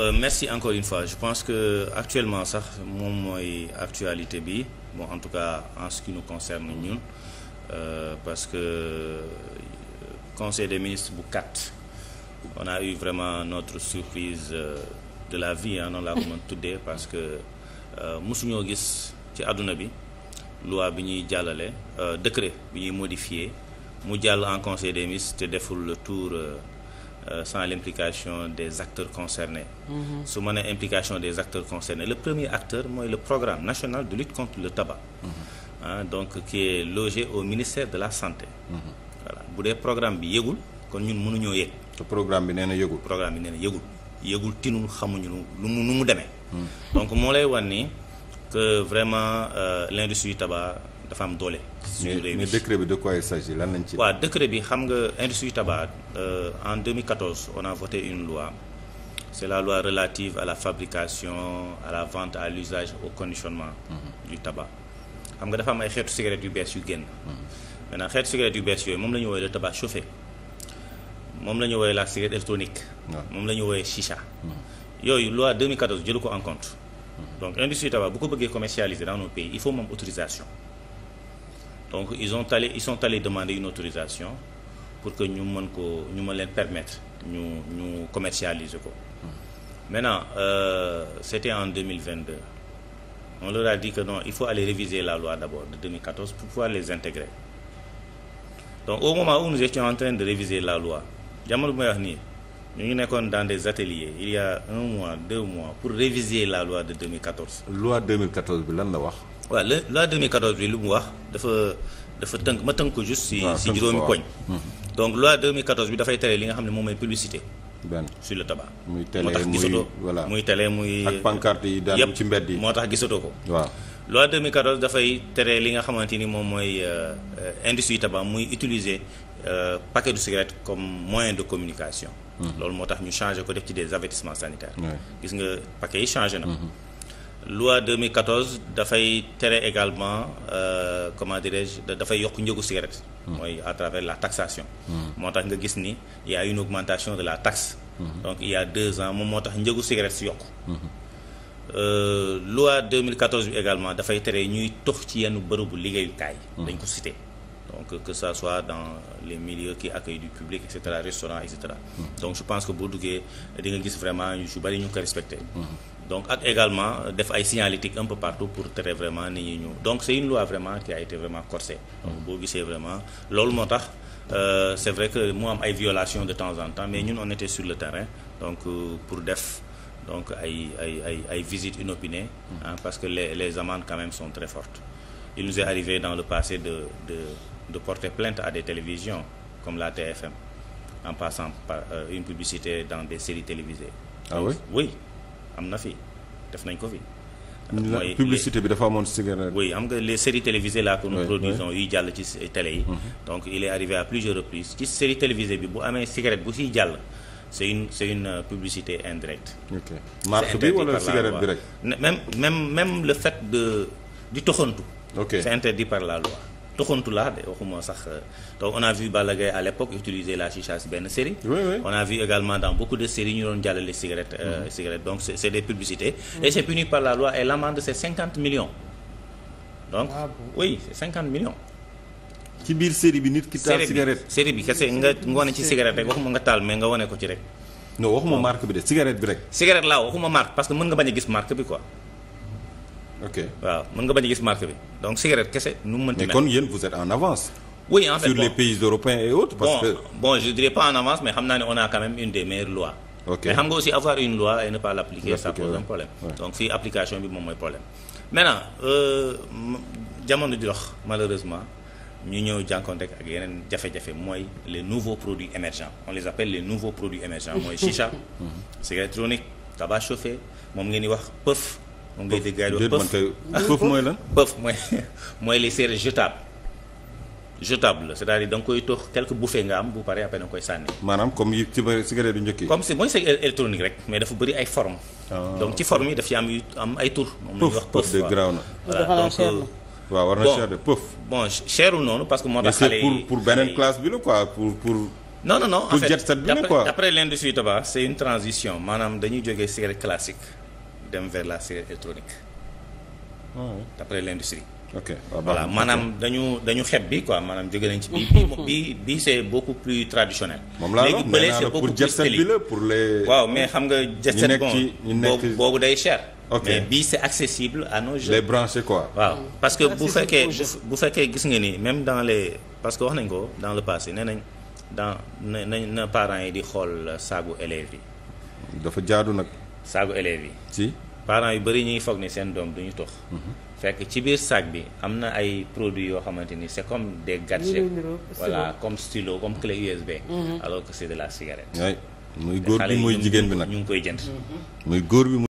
Euh, merci encore une fois je pense que actuellement sax moom mooy actualité bi bon en tout cas en ce qui nous concerne ñun euh, parce que euh, conseil des ministre bu kat on a eu vraiment notre surprise de la vie ah noonu laa ko mën tuddee parce que mosuñoo gis ci àdduna bi loi bi ñuy jàllale décret bi ñuy modifié mu jàll en conseil des ministres te deful le tour. Euh, sans l'implication des acteurs concernés. Mm-hmm. su ma nee implication des acteurs concernés le premier acteur mooy le programme national de lutte contre le tabac. Hein, mm-hmm. ah, donc qui est logé au ministère de la santé. Mm-hmm. bu dee programme bi yëgul kon ñun mënuñoo yëg. programme bi nee na yëgul. programme bi nee na yëgul yëgul tinul xamuñu lu mu lu mu demee. donc moo lay wan ni que vraiment euh, l'industrie du tabac. dafa am doole. suñu réew mi mais décret bi de quoi il s'agit lan lañ ci. waaw décret bi xam nga industrie tabac euh, en 2014 on a voté une loi c'est la loi relative à la fabrication à la vente à l'usage au conditionnement. Mhm. du tabac xam nga dafa am ay xeetu cigarette yu bees yu génn. Mhm. maintenant xeetu cigarette yu bees yooyu moom la ñu woowee le tabac chauffé la ñu woowee la cigarette électronique. moom la ñu woowee chicha. Mhm. yooyu loi 2014 jëlu ko en compte. donc industrie tabac bu ko bëggee commercialiser dans nos pays il donc ils ont allé ils sont allés demander une autorisation pour que ñu mën ko ñu mën leen permettre ñu ñu commercialiser ko. maintenant euh, c'était en 2022 on leur a dit que non il faut aller réviser la loi d'abord de 2014 pour pouvoir les intégrer donc au moment où nous étions en train de réviser la loi jamono bi may nii. ñu ngi nekkoon dans des ateliers il y un mois deux mois pour réviser la loi de 2014. loi 2014 bi lan la wax. waaw la loi 2014 bi lu mu wax dafa dafa tënk ma tënk ko juste. si ah, si juróomi poñ. Hmm. donc loi 2014 bi dafay tere li nga xam ne moom mooy publicité. le tabac. muy télé muy moo tax gisatoo ak pancarte yi daal ci mbedd yi moo tax gisatoo ko. waaw loi 2014 dafay tere li nga xamante ni moom mooy euh, euh, industrie tabac muy utiliser euh, paquet de cigarette comme moyen de communication. loolu moo tax ñu changé ko def ci des avertissements sanitaires. gis nga paquet yi changé na. Mhm. loi 2014 dafay tere également euh, comment dirais-je dafay yokk njëgu cigarette. Mhm. mooy à la taxation. Mhm. moo tax nga gis ni y a une augmentation de la taxe. donc il deux ans moom moo tax njëgu cigarette si yokk. Euh, loi 2014 bi également dafay tere ñuy tox ci yenn bërëbu liggéeyukaay. dañ ko cité. donc que ça soit dans les milieux qui accueillent du public et cetera restaurant et mm-hmm. donc je pense que boo duggee di nga gis vraiment ñu su ñu ko respecté. Mm-hmm. donc ak également def ay signalétique un peu partout pour tere vraiment nit ñu donc c'est une loi vraiment qui a été vraiment corsée. donc mm-hmm. boo gisee vraiment loolu moo tax euh, c'est vrai que mu am ay violation de temps en temps mais ñun on était sur le terrain donc euh, pour def. donc ay ay ay ay visites inopinées hein, parce que les les amendes quand même sont très fortes il dans le passé de de de porter plainte à des télévisions comme la TFM, en passant par euh, une publicité dans des séries télévisées. ah Donc, oui am na fi def nañ ko fi. mooy publicité bi dafa amoon cigarette. oui am nga les séries télévisées là que nous produisons yuy jàll ci télé yi. Mhm. donc il est arrivé à plusieurs reprises ci série télévisée bi bu amee cigarette bu fiy jàll. c' est une c' est une euh, publicité indirecte. ok même même le fait de di toxantu. ok c' est interdit par la loi. toxantu laa de waxuma sax euh, donc on a vu Balla à l'époque utiliser la chicha benn série oui, oui. on a vu également dans beaucoup de séries ñu doon jàllale cigarette euh, mm. Mm-hmm. cigarette donc c'est, c'est des publicités mm. et c'est puni par la loi et l'amende c'est cinquante millions donc ah, cinquante millions ci biir série bi nit ki taal cigarette nga nga wane ci cigarette rek waxuma nga taal mais nga wane ko ci rek non waxuma marque bi de cigarette bi rek cigarette laa waxuma marque parce que mën nga bañ a gis marque bi quoi ok waaw mën nga bañ a gis marque bi donc cigarette kese nu mu mënti mel. mais kon yéen vous êtes en avance. oui en fait sur bon, les pays européens et autres. parce bon, que bon je dirais pas en avance mais xam naa ne on a quand même une des meilleures lois. ok mais xam nga aussi avoir une loi et ne pas l'appliquer ça pose un problème. Ouais. donc fii application bi moom mooy problème. maintenant euh, jamono di dox malheureusement ñu ñëw jànkonteek ak yeneen jafe-jafe mooy les nouveaux produits émergents on les appelle les nouveaux produits émergents mooy chicha. Mhm. cigarette électronique tabac chauffé moom ngeen di wax pëf. moom ngay dégg gars yi wax pëf mooy lan pëf mooy mooy les serre jetable jetable la c'est-à-dire da koy tox quelque bouffée nga am bu paree après da nga koy sànni. maanaam comme yi ci cigarette njëkk yi. comme rek mais dafa bëri ay forme ah. donc ci forme yi daf ci am yu am ay tur. moom la ñuy wax pëf de euh, bon cherul noonu parce que moo pour pour beneen classe bi la quoi pour pour. non non non en fait d'après l'industrie tabac c'est une transition maanaam dañuy jógee cigarette classique. dem vers la série électronique. Ah d'après l'industrie. ok ah, voilà maanaam dañu dañu xeb bi quoi maanaam jóge nañ ci bi bi bi c'est beaucoup plus traditionnel. moom laa léegi bële c'est beaucoup plus télé pour le waaw mais xam nga jet set bon boobu day cher. mais bi c'est accessible à nos jeunes. les branchés quoi. parce que bu fekkee bu fekkee gis nga ni même dans les parce que wax nañ ko dans le passé nee nañ dans na na parents yi di xool saagu élève yi. dafa jaadu nag. saagu élèves yi. si parents yu bari ñu ngi foog ni seen doom du ñu tux. Mhm. fekk ci biir sac bi am na ay produit yoo xamante ni c'est comme des gadgets. voilà comme stylo comme clé USB. Mhm. alors que c'est de la cigarette. muy góor bi muy jigéen bi nag ñu ngi koy jënd. Mhm. muy góor bi